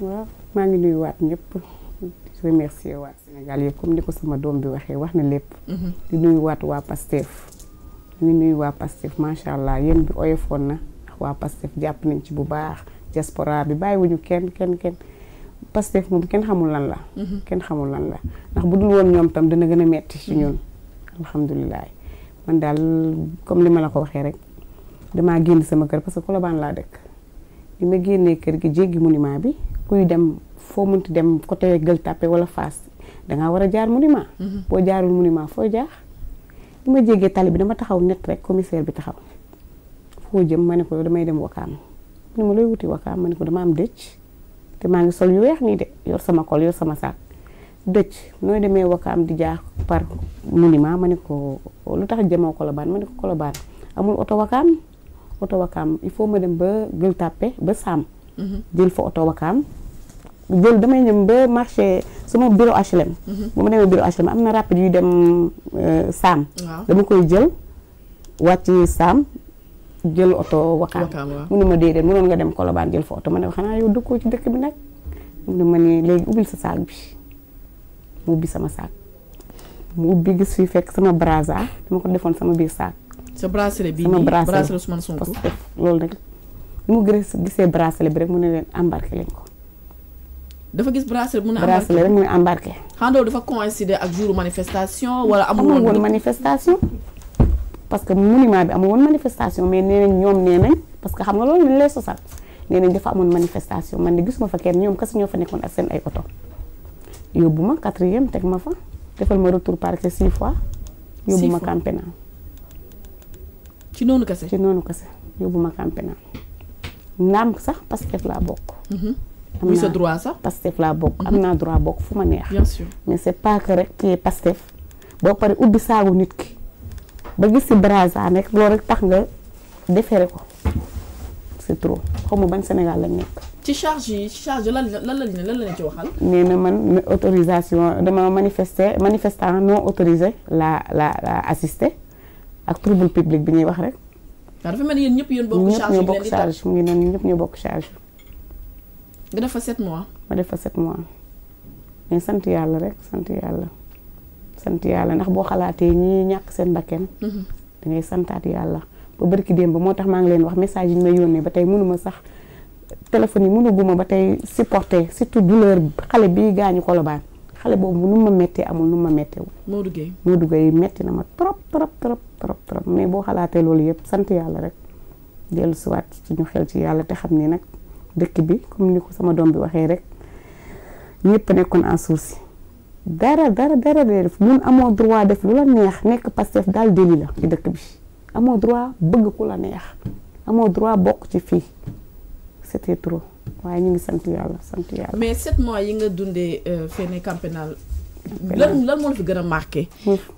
waaw maa ngi nuyu waat ñëpp di remercier waa Sénégal yëpp comme ni ko sama doom bi waxee wax na lépp mhm. di nuyu waat waa Pastef ñu nuyu waa Pastef macha allah yéen bi oyofoon na ndax waa jàpp nañ ci bu baax diaspora bi bàyyiwuñu kenn kenn kenn Pastef moom kenn xamul lan la mhm. kenn xamul lan la ndax bu dul woon ñoom tam dana gën a metti ci mhm. ñun alhamdulilah man daal comme li ma la ko waxee rek damaa génn sama kër parce que Colobane laa dëkk bi ma génnee kër gi jéegi monument bi kuy dem foo munti dem côté Gueule Tapée wala Fass dangaa war a jaar monument mhm. boo jaarul monument foo jaax bi ma jéggee tali bi dama taxaw net rek commissaire bi taxaw foo jëm ma ne ko damay dem wakaam mu ne ma looy wuti wakaam ma ne ko dama am dëcc te maa ngi sol yu weex nii de yor sama kol yor sama saak dëcc nooy demee wakaam di jaax par monument ma ne ko lu tax jëmoo Colobane ma ne ko Colobane amul oto wakaam oto wakaam il faut ma dem ba Gueule Tapée ba Sàmm mhm. jël fa oto wakaam jël damay ñëm ba marché sama bureau HLM H&M. mhm. bu ma demee bureau HLM am na rapide yu dem euh, Sàmm dama koy jël wàcc Sàmm jël oto wakaam mu na ma déedéet mënoon nga dem Colobane jël fa oto ma ne xanaa yow dëkkoo ci dëkk bi nag mu ne ma ne léegi ubbil sa saag bi mu ubbi sama saag mu ubbi gis fi fekk sama braza dama ko defoon sama biir saag sa bracelet bi nii bracelet Ousmane Sonko loolu rek li mu gërës gisee bracelet bi rek mu ne leen embarqué leen ko. dafa gis bracelet bi mu ne embarqué bracelet rek mu ne embarqué. xanaa dafa coïncider ak jour manifestation wala amul woon. amul woon manifestation. parce que monument bi amul woon manifestation mais nee nañ ñoom nee nañ parce que xam nga loolu lañ lay sosal nee nañ dafa amoon manifestation man de gisuma fa kenn ñoom kese ñoo fa nekkoon ak seen ay oto. yóbbu ma quatrième teg ma fa defal ma retour parquet six fois. yóbbu ma campagne ci noonu kese ci noonu kese yóbbu ma camp pénal naam sax Pastef laa bokk. Mhm. am naa droit sax Pastef laa bokk. Mhm. am naa droit bokk fu ma neex. bien sûr mais c' est que rek kii Pastef boo pare ubbi saagu nit ki ba gis si braza nekk loolu rek tax nga defere ko c' est trop xaw mu ban Sénégal lañ nekk. ci charge yi ci charge lan lan lan la ci waxal. nee na man autorisation dama manifester manifestant non autorisé la la la assisté. ak trouble public bi ñuy wax rek. waa dafa mel ni yéen ñëpp yéen bokk charge ñëpp bokk charge mu ngi noonu ñëpp ñoo bokk charge. nga def fa 7 mois. ma def fa set mois mais sant yàlla rek sant yàlla. sant yàlla ndax boo xalaatee ñi ñàkk seen bakken. Mhm. da santaat yàlla. ba ki démb moo tax maa ngi leen wax message yi ñu may yónnee ba tey mënuma sax téléphone yi ma ba tey supporter surtout douleur xale bii gaañu Colobane. xale boobu nu ma méttee amul nu ma méttee moo Modou Gueye Modou Gueye métti na ma trop trop trop trop trop mais boo xalaatee loolu yëpp sant yàlla rek dellu siwaat suñu xel ci yàlla te xam ni nag dëkk bi comme ni ko sama doom bi waxee rek ñëpp nekkoon en suuf si dara dara dara day def mun amoo droit def lu la neex nekk Pastef daal déli la ci dëkk bi amoo droit bëgg ku la neex amoo droit bokk ci fii c'était trop. waaye ñu ngi sant yàlla sant yàlla. mais sept mois yi nga dundee euh, feneen camp pénal lan moo la fi gën a marqué.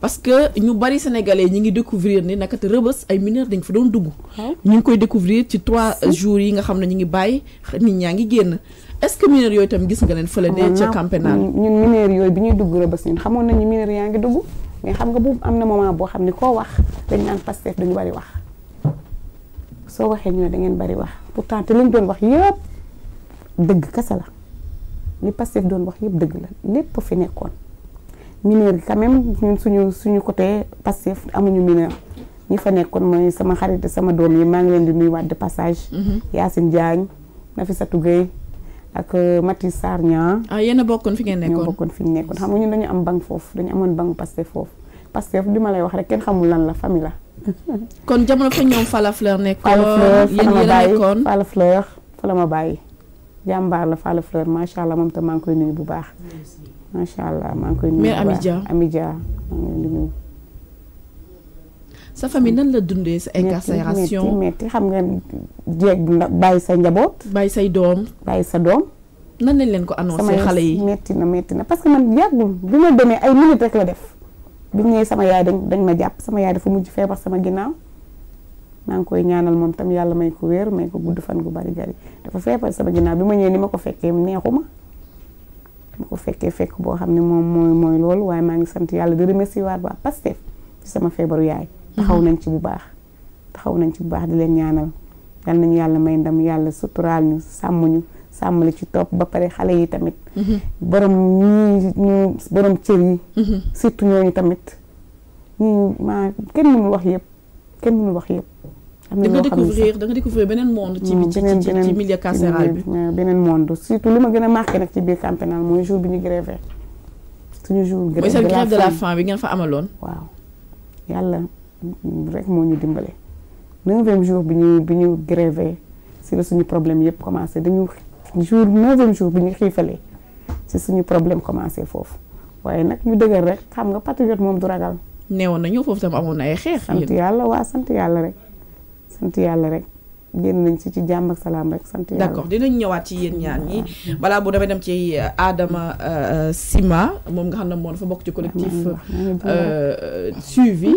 parce que ñu bari sénégalais ñi ngi découvrir ni naka te rëbës ay mineurs dañ fa doon dugg. ñu ngi koy découvrir ci trois jours yi nga xam ne ñu ngi bàyyi nit ñaa ngi génn. est-ce que mineurs yooyu tam gis nga leen fële ne ca camp pénal ñun mineurs yooyu bi ñuy dugg rëbës ñun xamoon nañu mineurs yaa ngi dugg mais xam nga bu am na moment boo xam ne koo wax dañ naan Pastef dañu bari wax waxee ñu da ngeen bari wax dëgg kese la li Pastef doon wax yëpp dëgg la lépp fi nekkoon mineur gi même ñun suñu suñu côté Pastef amuñu mineur ñi fa nekkoon mooy sama xarit sama doom yi maa ngi leen di nuyuwaat de passage. Mhm. Yacine Diagne Nafisatou Gueye ak euh, Mathi Sarr Niang. ah yéen a bokkoon fi ngeen nekkoon ñoo bokkoon fi ñu nekkoon xam nga ñun dañu am banque foofu dañu amoon banque Pastef foofu Pastef li ma lay wax rek kenn xamul lan la famille la. kon jamono fa ñoom Fala Fleur nekkoon. Fala Fleur la nekkoon Fala Fleur fa la ma bàyyi. jàmbaar la Fallou Fleur macha allah moom tam maa ngi koy nuyu bu baax. macha allah maa ngi koy nuyu bu baax mère Amidia maa ngi koy nuyu. sa famille nan la dundee sa incarcération metti xam nga jeeg bàyyi sa njaboot. bàyyi say doom. bàyyi sa doom. nan lañ leen ko annoncé xale yi metti na metti na parce que man yàggul bi ma demee ay minutes rek la def bi ñëwee sama yaay dañ ma jàpp sama yaay dafa mujj feebar sama ginnaaw. maa ngi koy ñaanal moom tam yàlla may ko wér may ko gudd fan gu bari gari dafa feebar sama ginnaaw bi ma ñëwee ni ma ko fekkee neexuma ma ko fekkee fekk boo xam ne moom mooy mooy loolu waaye maa ngi sant yàlla di remercier waat waa Pastef ci sama feebaru yaay taxaw nañ ci bu baax taxaw nañ ci bu baax di leen ñaanal yal nañu yàlla may ndam yàlla suturaal ñu sàmm ñu sàmmali ci topp ba pare xale yi tamit mm-hmm. borom ñi ñu borom cër yi mm-hmm. surtout ñooñu tamit ñi kenn mënul wax yëpp kenn mënul wax yëpp da nga découvrir da nga découvrir beneen monde. ci hmm, ci ci ci milieu carcéral bi beneen monde surtout li ma gën a marqué nag ci biir camp mooy jour bi ñu grévé. suñu jour la faim mooy seen grève de la faim bi yàlla rek moo ñu dimbale. neuvième jour bi ñu bi ñu grévé si suñu problème yëpp commencé dañu jour neuvième jour bi ñu xiifalee si suñu problème commencé foofu waaye nag ñu dëgër rek xam nga patriote moom du ragal. neewoon na ñëw foofu tam amoon na ay xeex. sant yàlla waa sant yàlla rek. sant yàlla rek génn nañ si ci jàmm salaam rek sant yàlla. d'accord dinañ ñëwaat ci yéen ñaan ñi balaa bu damay dem ci euh, Adama euh, Sima moom nga xam ne moom dafa bokk ci collectif euh, suivi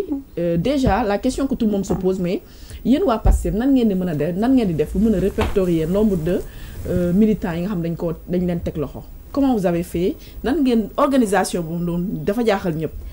déjà la question que tout le monde se pose mais yéen waa Pastef nan ngeen di mën a def nan ngeen di def mën a répertorier nombre de militants yi nga xam dañ ko dañ leen teg loxo comment vous avez fait nan ngeen organisation mu noonu dafa jaaxal ñëpp.